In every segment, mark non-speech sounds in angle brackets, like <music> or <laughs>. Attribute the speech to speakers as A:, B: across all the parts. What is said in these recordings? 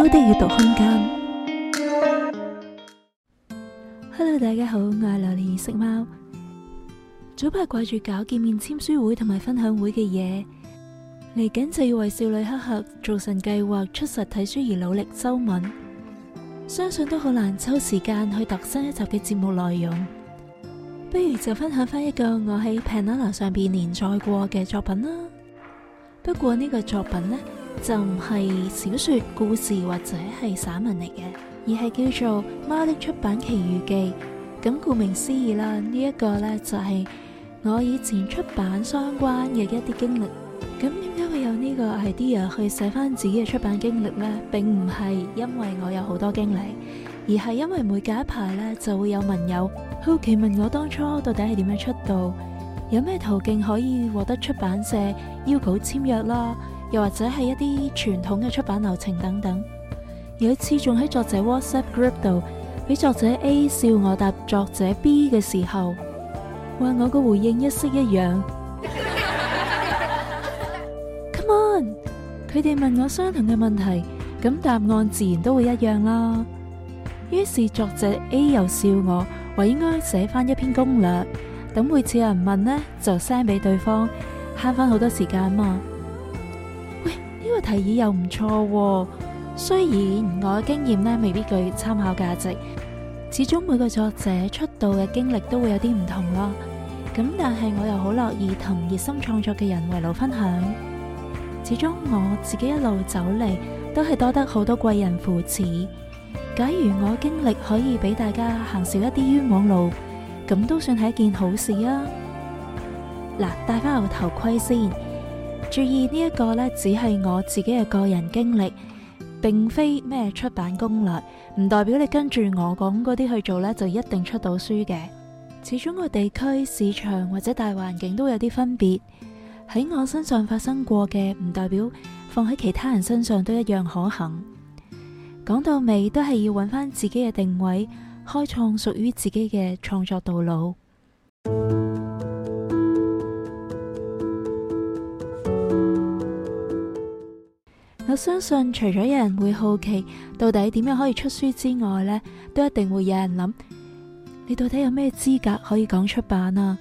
A: 都的閱讀空間。Hello，大家好，我係琉璃異色貓。早排掛住搞見面簽書會同埋分享會嘅嘢，嚟緊就要為少女黑客造神計劃出實體書而努力修文，相信都好難抽時間去更新一集嘅節目內容。不如就分享翻一個我喺 Penana 上邊連載過嘅作品啦。不過呢個作品呢，就唔係小說、故事或者係散文嚟嘅，而係叫做《貓的出版奇遇記》。咁顧名思義啦，呢、這、一個呢，就係我以前出版相關嘅一啲經歷。咁點解會有呢個 idea 去寫翻自己嘅出版經歷呢？並唔係因為我有好多經歷，而係因為每隔一排呢，就會有文友好奇問我當初到底係點樣出道，有咩途徑可以獲得出版社邀稿簽約啦。又或者係一啲傳統嘅出版流程等等。有一次仲喺作者 WhatsApp group 度，俾作者 A 笑我答作者 B 嘅時候，話我個回應一式一樣。 <laughs> Come on，佢哋問我相同嘅問題，咁答案自然都會一樣啦。於是作者 A 又笑我話應該寫翻一篇攻略，等每次有人問呢，就 send 俾對方，慳翻好多時間嘛。提議又唔錯，雖然我嘅經驗咧未必具參考價值，始終每個作者出道嘅經歷都會有啲唔同啦。咁但係我又好樂意同熱心創作嘅人圍爐分享。始終我自己一路走嚟都係多得好多貴人扶持。假如我嘅經歷可以俾大家行少一啲冤枉路，咁都算係一件好事啊！嗱，戴翻我頭盔先。注意呢一個呢，只係我自己嘅個人經歷，並非咩出版攻略。唔代表你跟住我講嗰啲去做呢，就一定出到書嘅。始終個地區市場或者大環境都有啲分別，喺我身上發生過嘅，唔代表放喺其他人身上都一樣可行。講到尾，都係要揾翻自己嘅定位，開創屬於自己嘅創作道路。我相信除咗有人會好奇到底點樣可以出書之外呢，都一定會有人諗，你到底有咩資格可以講出版啊？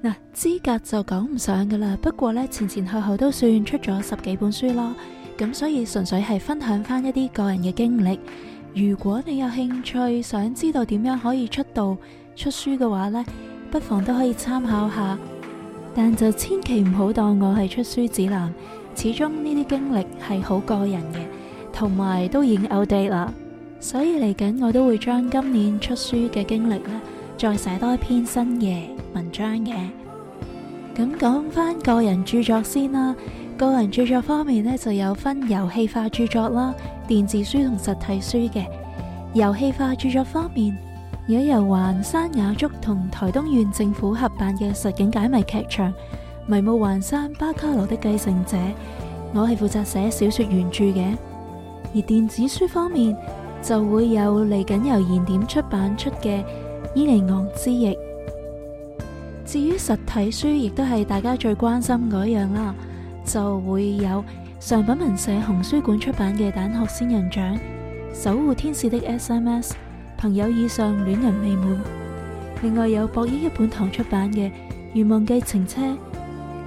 A: 嗱、啊，資格就講唔上噶啦。不過呢，前前後後都算出咗十幾本書咯，咁所以純粹係分享翻一啲個人嘅經歷。如果你有興趣想知道點樣可以出道出書嘅話呢，不妨都可以參考下，但就千祈唔好當我係出書指南。始終呢啲經歷係好個人嘅，同埋都已經 outdate 啦。所以嚟緊我都會將今年出書嘅經歷呢，再寫多一篇新嘅文章嘅。咁講返個人著作先啦，個人著作方面呢，就有分遊戲化著作啦、電子書同實體書嘅。遊戲化著作方面，有由環山雅竹同台東縣政府合辦嘅實境解謎劇場。迷霧環山，巴卡羅的繼承者，我係負責寫小說原著嘅。而電子書方面就會有嚟緊由言點出版出嘅《伊利昂之翼》。至於實體書亦都係大家最關心嗰樣啦，就會有尚品文舍紅書館出版嘅《蛋殼仙人掌》、《守護天使的 S M S》、《朋友以上戀人未滿》，另外有博益一本堂出版嘅《願望計程車》。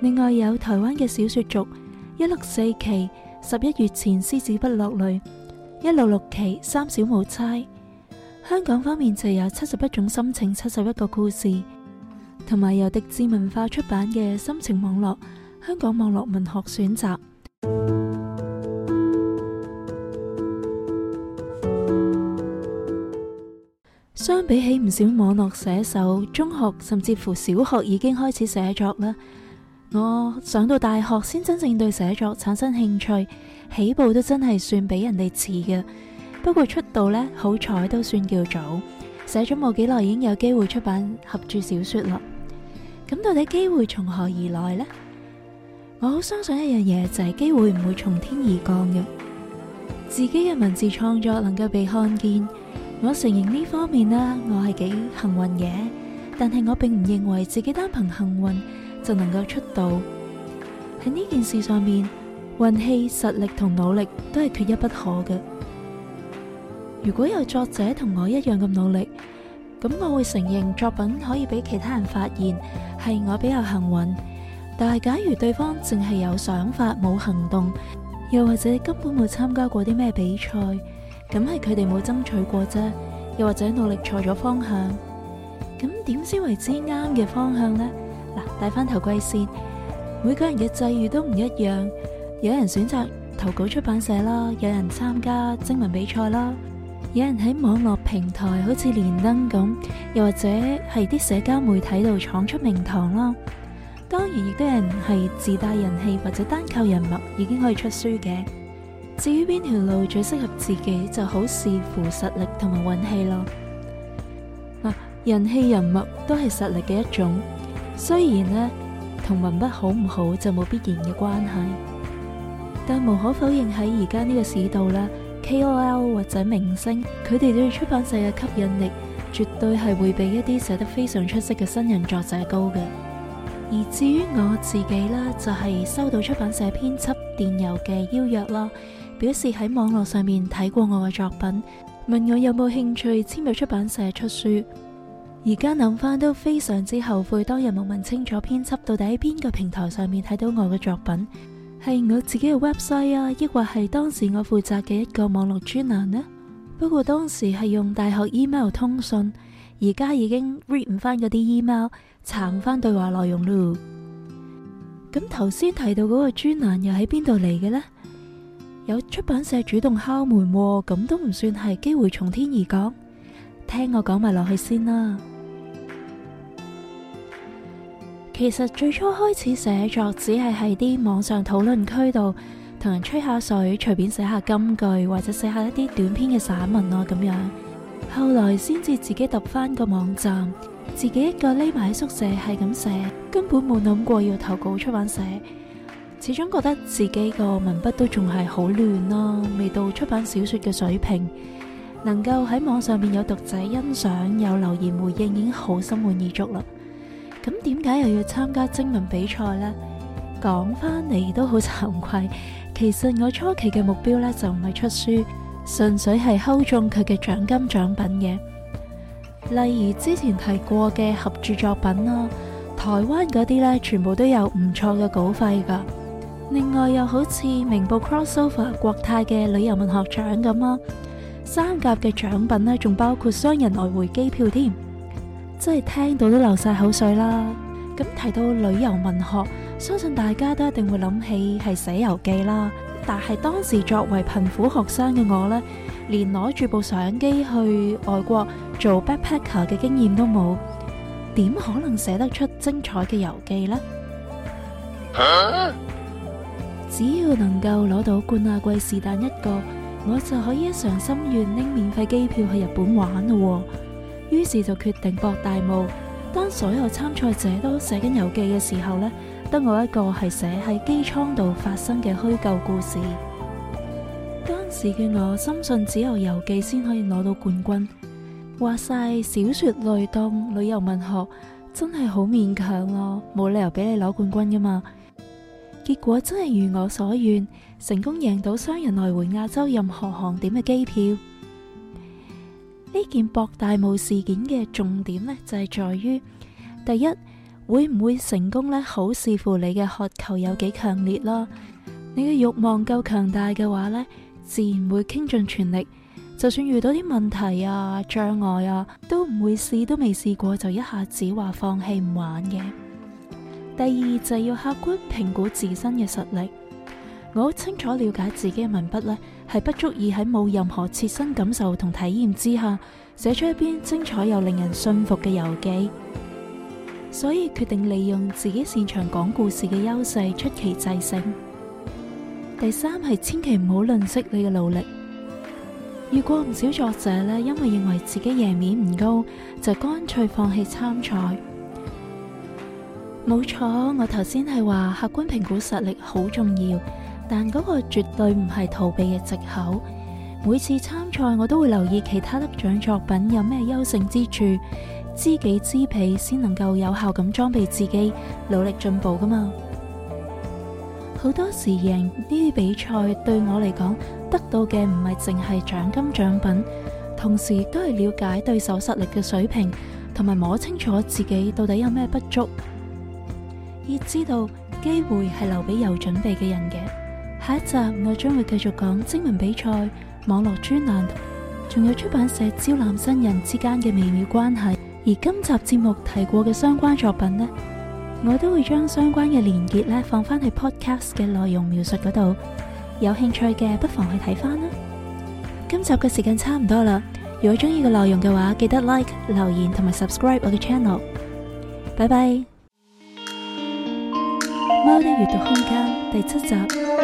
A: 另外有台灣嘅小說族，一六四期十一月前，獅子不落淚，一六六期三小無猜。香港方面就有七十一種心情、七十一個故事，同埋由迪志文化出版嘅《心情網絡香港網絡文學選擇》。 <music> 相比起唔少網絡寫手，中學甚至乎小學已經開始寫作啦。我上到大學先真正對寫作產生興趣，起步都真係算俾人哋遲嘅。不過出道呢，好彩都算叫早，寫咗冇幾耐已經有機會出版合著小說啦。咁到底機會從何而來呢？我好相信一樣嘢就係機會唔會從天而降嘅，自己嘅文字創作能夠被看見。我承認呢方面啦，我係幾幸運嘅，但係我並唔認為自己單憑幸運。就能夠出道，喺呢件事上面，運氣、實力同努力都係缺一不可嘅。如果有作者同我一樣咁努力，咁我會承認作品可以俾其他人發現，係我比較幸運。但係假如對方淨係有想法冇行動，又或者根本冇參加過啲咩比賽，咁係佢哋冇爭取過啫。又或者努力錯咗方向，咁點先為之啱嘅方向呢？嗱，戴翻頭盔先。每個人嘅際遇都唔一樣，有人選擇投稿出版社啦，有人參加徵文比賽啦，有人喺網絡平台好似連登咁，又或者係啲社交媒體度闖出名堂啦。當然亦都有人係自帶人氣或者單靠人脈已經可以出書嘅。至於邊條路最適合自己，就好視乎實力同埋運氣咯。人氣、人脈都係實力嘅一種。雖然呢同文筆好唔好就冇必然嘅關係，但無可否認喺而家呢個市道啦，KOL 或者明星，佢哋對出版社嘅吸引力絕對係會比一啲寫得非常出色嘅新人作者高嘅。而至於我自己啦，就係收到出版社編輯電郵嘅邀約啦，表示喺網絡上面睇過我嘅作品，問我有冇興趣簽約出版社出書。而家諗返都非常之後悔，當日冇問清楚編輯到底喺邊個平台上面睇到我嘅作品，係我自己嘅 website 啊，抑或係當時我負責嘅一個網絡專欄呢？不過當時係用大學 email 通訊，而家已經 read 唔返嗰啲 email，查唔返對話內容咯。咁頭先提到嗰個專欄又喺邊度嚟嘅呢？有出版社主動敲門喎，咁都唔算係機會從天而降。聽我講埋落去先啦。其實最初開始寫作，只係喺啲網上討論區度同人吹下水，隨便寫下金句或者寫下一啲短篇嘅散文啊咁樣。後來先至自己揼翻個網站，自己一個匿埋喺宿舍係咁寫，根本冇諗過要投稿出版社。始終覺得自己個文筆都仲係好亂咯，未到出版小說嘅水平。能夠喺網上面有讀者欣賞，有留言回應，已經好心滿意足啦。咁點解又要參加徵文比賽呢？講翻嚟都好慚愧，其實我初期嘅目標呢，就唔係出書，純粹係抽中佢嘅獎金獎品嘅。例如之前提過嘅合著作品啦，台灣嗰啲呢，全部都有唔錯嘅稿費㗎。另外又好似明報 Crossover、國泰嘅旅遊文學獎咁啊，三甲嘅獎品呢，仲包括雙人來回機票添。真係聽到都流晒口水啦！咁提到旅遊文學，相信大家都一定會諗起係寫遊記啦。但係當時作為貧苦學生嘅我呢，連攞住部相機去外國做 backpacker 嘅經驗都冇，點可能寫得出精彩嘅遊記呢？啊、只要能夠攞到冠亞季是但一個，我就可以一償心願拎免費機票去日本玩咯。於是就決定博大霧。當所有參賽者都寫緊遊記嘅時候呢，得我一個係寫喺機艙度發生嘅虛構故事。當時嘅我，深信只有遊記先可以攞到冠軍。話晒小說類當旅遊文學，真係好勉強咯、啊，冇理由俾你攞冠軍噶嘛。結果真係如我所願，成功贏到雙人來回亞洲任何航點嘅機票。呢件博大霧事件嘅重點咧，就係在於第一，會唔會成功咧，好視乎你嘅渴求有幾強烈囉。你嘅欲望夠強大嘅話咧，自然會傾盡全力，就算遇到啲問題啊、障礙啊，都唔會試都未試過就一下子話放棄唔玩嘅。第二就係要客觀評估自身嘅實力。如果清楚了解自己嘅文筆呢係不足以喺冇任何切身感受同體驗之下寫出一篇精彩又令人信服嘅遊記，所以決定利用自己擅長講故事嘅優勢出奇制勝。第三係千祈唔好吝嗇你嘅努力。如果唔少作者咧因為認為自己贏面唔高就乾脆放棄參賽，冇錯，我頭先係話客觀評估實力好重要。但嗰個絕對唔係逃避嘅借口。每次參賽，我都會留意其他得獎作品有咩優勝之處，知己知彼先能夠有效咁裝備自己，努力進步噶嘛。好多時贏呢啲比賽，對我嚟講，得到嘅唔係淨係獎金獎品，同時都係了解對手實力嘅水平，同埋摸清楚自己到底有咩不足，亦知道機會係留俾有準備嘅人嘅。下一集我將會繼續講徵文比賽、網絡專欄仲有出版社招攬新人之間嘅微妙關係。而今集節目提過嘅相關作品呢，我都會將相關嘅連結呢放返喺 podcast 嘅內容描述嗰度。有興趣嘅不妨去睇翻啦。今集嘅時間差唔多啦，如果中意嘅內容嘅話，記得 like 留言同埋 subscribe 我嘅 channel。拜拜。貓的閱讀空間第七集。